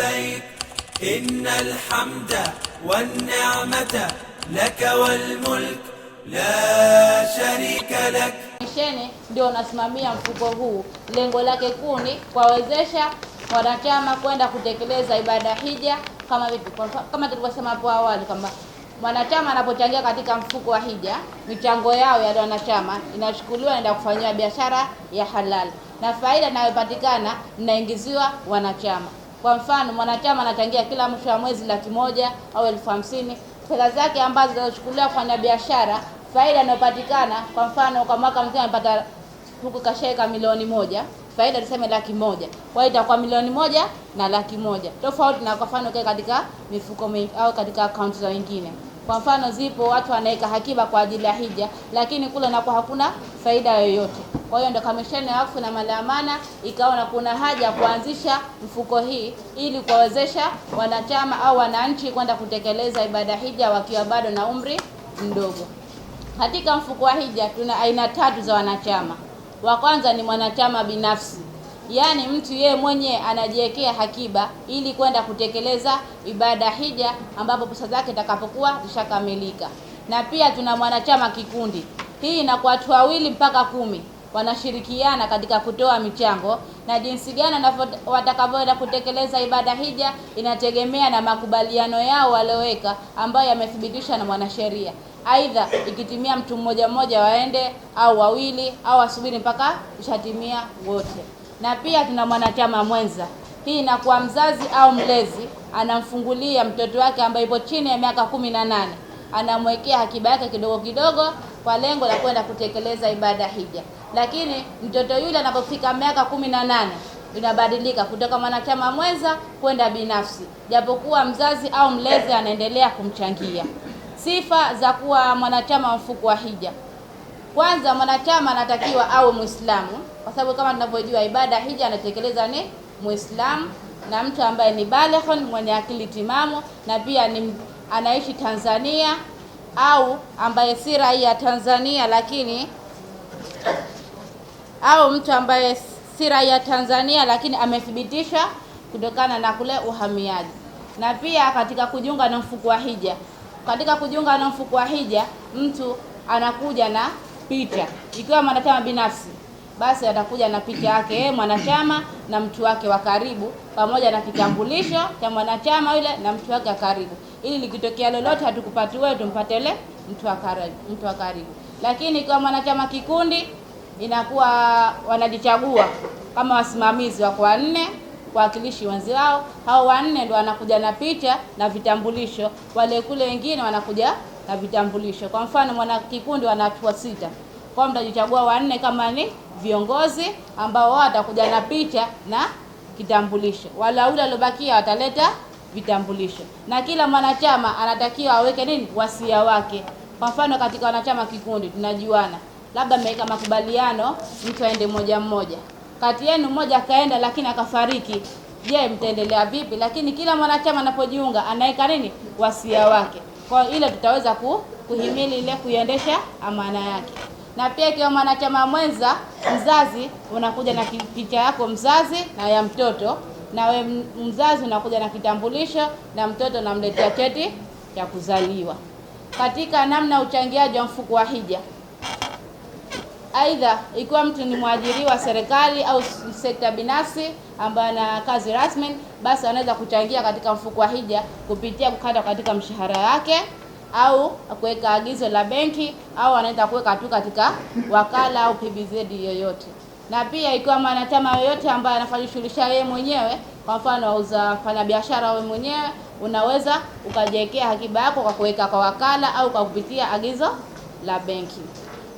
البيت إن الحمد والنعمة لك والملك لا شريك لك Misheni ndio unasimamia mfuko huu, lengo lake kuu ni kuwawezesha wanachama kwenda kutekeleza ibada hija kama vipi, kama tulivyosema hapo awali kwamba mwanachama anapochangia katika mfuko wa hija, michango yao ya wanachama inachukuliwa naenda kufanyiwa biashara ya halal, na faida inayopatikana inaingiziwa wanachama. Kwa mfano, mwanachama anachangia kila mwisho wa mwezi laki moja au elfu hamsini fedha zake ambazo zinazochukuliwa kufanya biashara. Faida inayopatikana kwa mfano, kwa mwaka mzima amepata huku kashaika milioni moja, faida tuseme laki moja, kwa hiyo itakuwa milioni moja na laki moja, tofauti na kwa mfano katika mifuko au katika akaunti za wengine. Kwa mfano, zipo watu wanaweka hakiba kwa ajili ya hija, lakini kule nako hakuna faida yoyote. Kwa hiyo ndio Kamisheni ya Wakfu na Mali ya Amana ikaona kuna haja ya kuanzisha mfuko hii ili kuwawezesha wanachama au wananchi kwenda kutekeleza ibada hija wakiwa bado na umri mdogo. Katika mfuko wa hija tuna aina tatu za wanachama. Wa kwanza ni mwanachama binafsi yaani mtu yeye mwenye anajiwekea hakiba ili kwenda kutekeleza ibada hija, ambapo pesa zake itakapokuwa zishakamilika. Na pia tuna mwanachama kikundi, hii kwa watu wawili mpaka kumi wanashirikiana katika kutoa michango, na jinsi gani watakavyoenda kutekeleza ibada hija inategemea na makubaliano yao walioweka, ambayo yamethibitishwa na mwanasheria. Aidha, ikitimia mtu mmoja mmoja waende au wawili au wasubiri mpaka ishatimia wote na pia tuna mwanachama mwenza. Hii inakuwa mzazi au mlezi anamfungulia mtoto wake ambaye yupo chini ya miaka kumi na nane anamwekea akiba yake kidogo kidogo kwa lengo la kwenda kutekeleza ibada hija. Lakini mtoto yule anapofika miaka kumi na nane inabadilika kutoka mwanachama mwenza kwenda binafsi, japokuwa mzazi au mlezi anaendelea kumchangia. Sifa za kuwa mwanachama wa mfuko wa hija. Kwanza mwanachama anatakiwa awe Muislamu, kwa sababu kama tunavyojua ibada hija anatekeleza ni Muislamu na mtu ambaye ni baleghun, mwenye akili timamu na pia ni anaishi Tanzania au ambaye si raia Tanzania lakini au mtu ambaye si raia Tanzania lakini amethibitisha kutokana na kule uhamiaji. Na pia katika kujiunga na mfuko wa hija, katika kujiunga na mfuko wa hija mtu anakuja na kupita. Ikiwa mwanachama binafsi, basi atakuja na picha yake yeye mwanachama na mtu wake wa karibu, pamoja na kitambulisho cha mwanachama yule na mtu wake wa karibu, ili likitokea lolote hatukupati wewe, tumpatele mtu wa karibu, mtu wa karibu. Lakini ikiwa mwanachama kikundi, inakuwa wanajichagua kama wasimamizi wako wanne wawakilishi wenzi wao, hao wanne ndio wanakuja na picha na vitambulisho, wale kule wengine wanakuja na vitambulisho. Kwa mfano mwana kikundi wana watu sita, kwa mtajichagua wanne kama ni viongozi ambao wao watakuja na picha na kitambulisho, wale waliobakia wataleta vitambulisho, na kila mwanachama anatakiwa aweke nini, wasia wake. Kwa mfano katika wanachama kikundi tunajuana, labda mmeweka makubaliano, mtu aende moja mmoja, kati yenu mmoja akaenda lakini akafariki, je, mtaendelea vipi? Lakini kila mwanachama anapojiunga anaweka nini, wasia wake kwa ile tutaweza kuhimili ile kuiendesha amana yake. Na pia ikiwa mwanachama mwenza mzazi, unakuja na picha yako mzazi na ya mtoto, na we mzazi unakuja na kitambulisho, na mtoto unamletea cheti cha kuzaliwa. Katika namna uchangiaji wa mfuko wa hija Aidha, ikiwa mtu ni mwajiri wa serikali au sekta binafsi ambaye ana kazi rasmi, basi anaweza kuchangia katika mfuko wa hija kupitia kukata katika mshahara wake au kuweka agizo la benki au anaweza kuweka tu katika wakala au PBZ yoyote. Na pia ikiwa mwanachama yoyote ambaye shughulisha yeye mwenyewe, kwa mfano auza fanya biashara wewe mwenyewe, unaweza ukajiwekea akiba yako kwa kuweka kwa wakala au kwa kupitia agizo la benki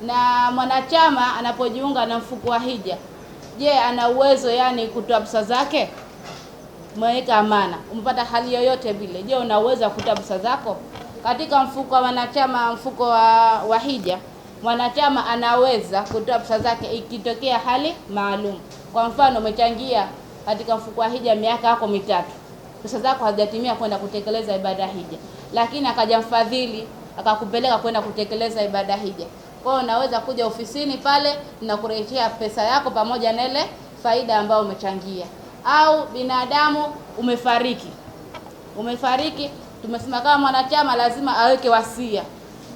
na mwanachama anapojiunga na mfuko wa hija, je, ana uwezo yani kutoa pesa zake? Mweka amana, umepata hali yoyote vile, je, una uwezo wa kutoa pesa zako katika mfuko wa wanachama? Mfuko wa, wa hija mwanachama anaweza kutoa pesa zake ikitokea hali maalum. Kwa mfano, umechangia katika mfuko wa hija miaka yako mitatu, pesa zako hazijatimia kwenda kutekeleza ibada hija, lakini akaja mfadhili akakupeleka kwenda kutekeleza ibada hija kwa hiyo unaweza kuja ofisini pale, kurejea pesa yako pamoja na ile faida ambayo umechangia. Au binadamu umefariki, umefariki, tumesema kama mwanachama lazima aweke wasia.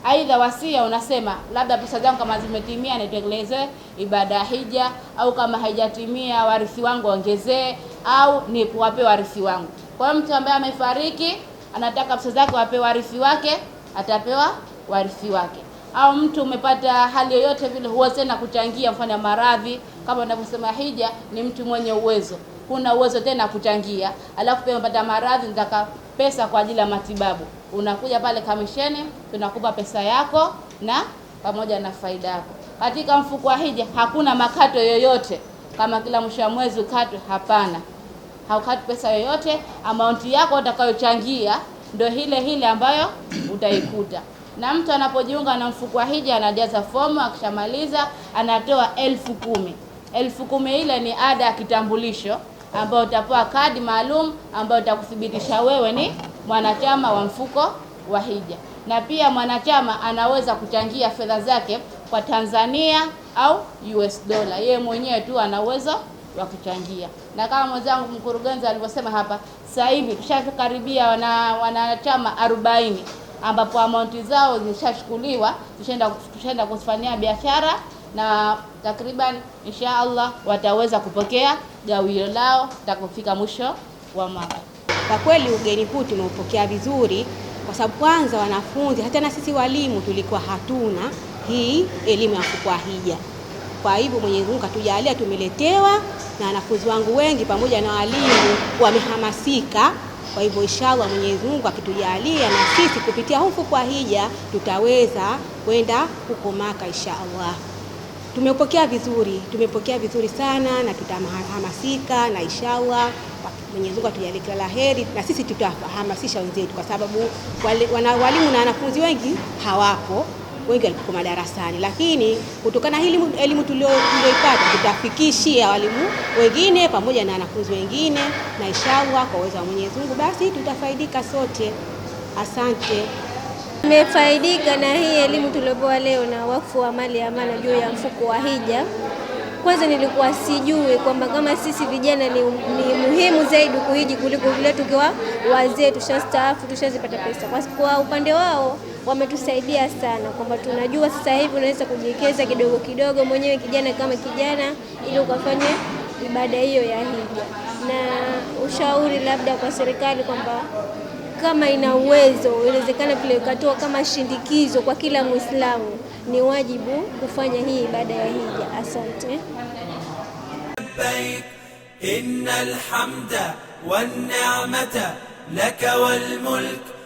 Aidha, wasia unasema labda pesa zangu kama zimetimia nitekeleze ibada hija, au kama haijatimia warithi wangu waongezee, au ni kuwape warithi wangu. Kwa hiyo mtu ambaye amefariki anataka pesa zake wape warithi wake, atapewa warithi wake au mtu umepata hali yoyote vile, huwa tena kuchangia, mfano maradhi, kama anavyosema hija, ni mtu mwenye uwezo, kuna uwezo tena kuchangia, alafu pia umepata maradhi, nataka pesa kwa ajili ya matibabu, unakuja pale kamisheni, tunakupa pesa yako na pamoja na faida yako. Katika mfuko wa hija hakuna makato yoyote, kama kila mwisho wa mwezi ukatwe, hapana, haukati pesa yoyote. Amaunti yako utakayochangia ndio ile ile ambayo utaikuta na mtu anapojiunga na mfuko wa hija anajaza fomu, akishamaliza anatoa elfu kumi. Elfu kumi ile ni ada ya kitambulisho ambayo utapewa kadi maalum ambayo itakuthibitisha wewe ni mwanachama wa mfuko wa hija, na pia mwanachama anaweza kuchangia fedha zake kwa Tanzania au US dollar, yeye mwenyewe tu ana uwezo wa kuchangia. Na kama mwenzangu mkurugenzi alivyosema hapa, sasa hivi tushakaribia wana wanachama arobaini ambapo amaunti zao zishachukuliwa, tushaenda kufanyia biashara na takriban insha Allah wataweza kupokea gawio lao takufika mwisho wa mwaka. Kwa kweli ugeni huu tumeupokea vizuri, kwa sababu kwanza wanafunzi, hata na sisi walimu tulikuwa hatuna hii elimu ya mfuko hija. Kwa hivyo Mwenyezi Mungu katujalia, tumeletewa na wanafunzi wangu wengi pamoja na walimu wamehamasika. Kwa hivyo inshallah, Mwenyezi Mungu akitujalia na sisi kupitia huku kwa hija tutaweza kwenda huko Maka inshaallah. Tumepokea vizuri, tumepokea vizuri sana na tutahamasika na inshallah Mwenyezi Mungu atujalie kila la heri, na sisi tutahamasisha wenzetu, kwa sababu wale, wana, walimu na wanafunzi wengi hawapo wengi walikuwa madarasani, lakini kutokana hili elimu, elimu tulioipata tutafikishia walimu wengine pamoja na wanafunzi wengine, na inshallah kwa uwezo wa Mwenyezi Mungu basi tutafaidika sote. Asante. Nimefaidika na hii elimu tuliopewa leo na wakfu wa mali ya amana juu ya mfuko wa hija kwanza nilikuwa sijui kwamba kama sisi vijana ni, ni muhimu zaidi kuhiji kuliko vile tukiwa wazee tushastaafu tushazipata pesa. Kwa, kwa upande wao wametusaidia sana kwamba tunajua sasa hivi unaweza kujiwekeza kidogo kidogo mwenyewe kijana kama kijana, ili ukafanye ibada hiyo ya hija. Na ushauri labda kwa serikali kwamba kama ina uwezo, inawezekana vile ikatoa kama shindikizo kwa kila Mwislamu ni wajibu kufanya hii ibada ya hija. Asante. Innal hamda wan ni'mata laka wal mulk